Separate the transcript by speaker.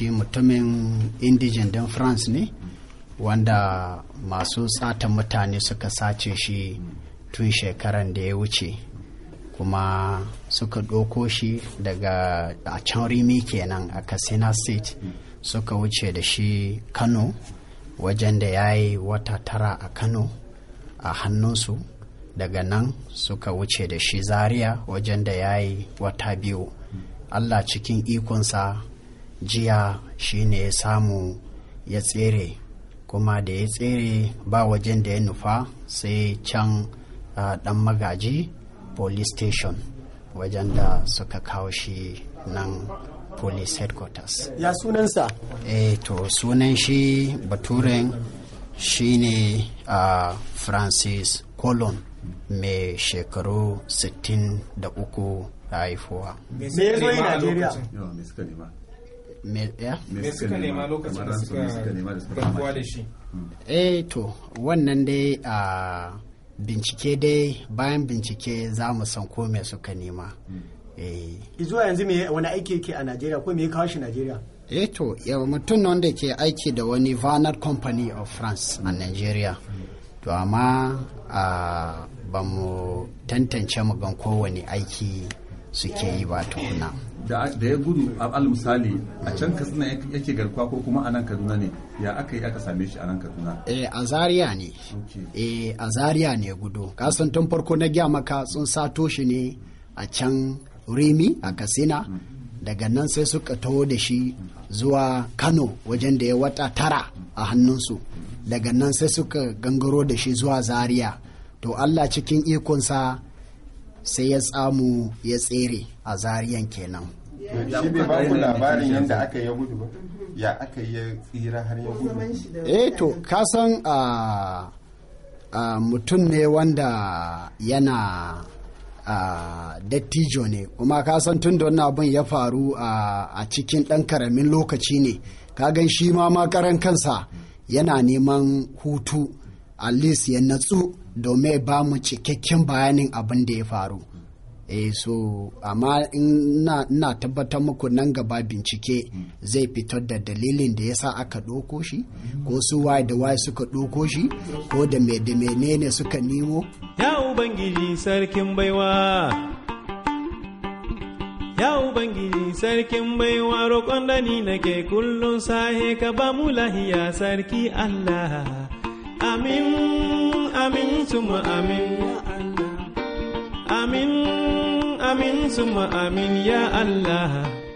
Speaker 1: shi mutumin indigen din france ne wanda masu tsata mutane suka sace shi tun shekaran da ya wuce kuma suka doko shi daga a can rimi kenan a katsina state suka wuce da shi kano wajen da ya yi wata tara a kano a hannunsu daga nan suka wuce da shi zaria wajen da ya yi wata biyu allah cikin ikonsa jiya shi ne ya samu ya tsere kuma da ya tsere ba wajen da ya nufa sai can dan magaji police station wajen da suka kawo shi nan police headquarters ya sunansa eh to sunan shi baturen shine uh, francis colon mai shekaru 63 haifuwa me ya me suka nema lokacin da suka hmm. eh, to wannan dai a bincike dai bayan bincike za mu san ko me suka nema hmm. eh. zuwa yanzu me wani aiki yake a najeriya ko me ya kawo shi najeriya eh to mutum wanda ke aiki da wani vanar company of france a hmm. nigeria to amma ba mu tantance mu ban kowane aiki suke yi ba tukuna da ya gudu al misali a can katsina yake garkuwa ko kuma a nan kaduna ne ya aka yi aka same shi a nan kaduna eh a zaria ne eh a Zariya ne gudu kasan tun farko na gya maka sun sato shi ne a can rimi a katsina daga nan sai suka taho da shi zuwa kano wajen da ya wata tara a hannunsu daga nan sai suka gangaro da shi zuwa Zariya to allah cikin ikonsa sai ya tsamu ya tsere a zariyan kenan shi bai labarin yadda aka yi gudu ya aka yi tsira har ya gudu eh to kasan a ah, ah, mutum ne wanda yana ah, dattijo ne kuma san tun da wannan abin ya faru a cikin ɗan karamin lokaci ne ka gan shi ma makaran kansa yana neman hutu at ya natsu domin ba mu cikakken bayanin abin da ya faru eh so amma ina tabbatar muku nan gaba bincike zai fitar da dalilin da yasa aka ɗauko shi ko su waye da waye suka ɗauko shi ko da me da menene suka nemo ya ubangiji sarkin baiwa ya ubangiji sarkin baiwa roƙon da ni nake kullum sahe ka ba mu lahiya sarki allah Amin, amin, suma amin, amin, amin, suma amin, ya Allah.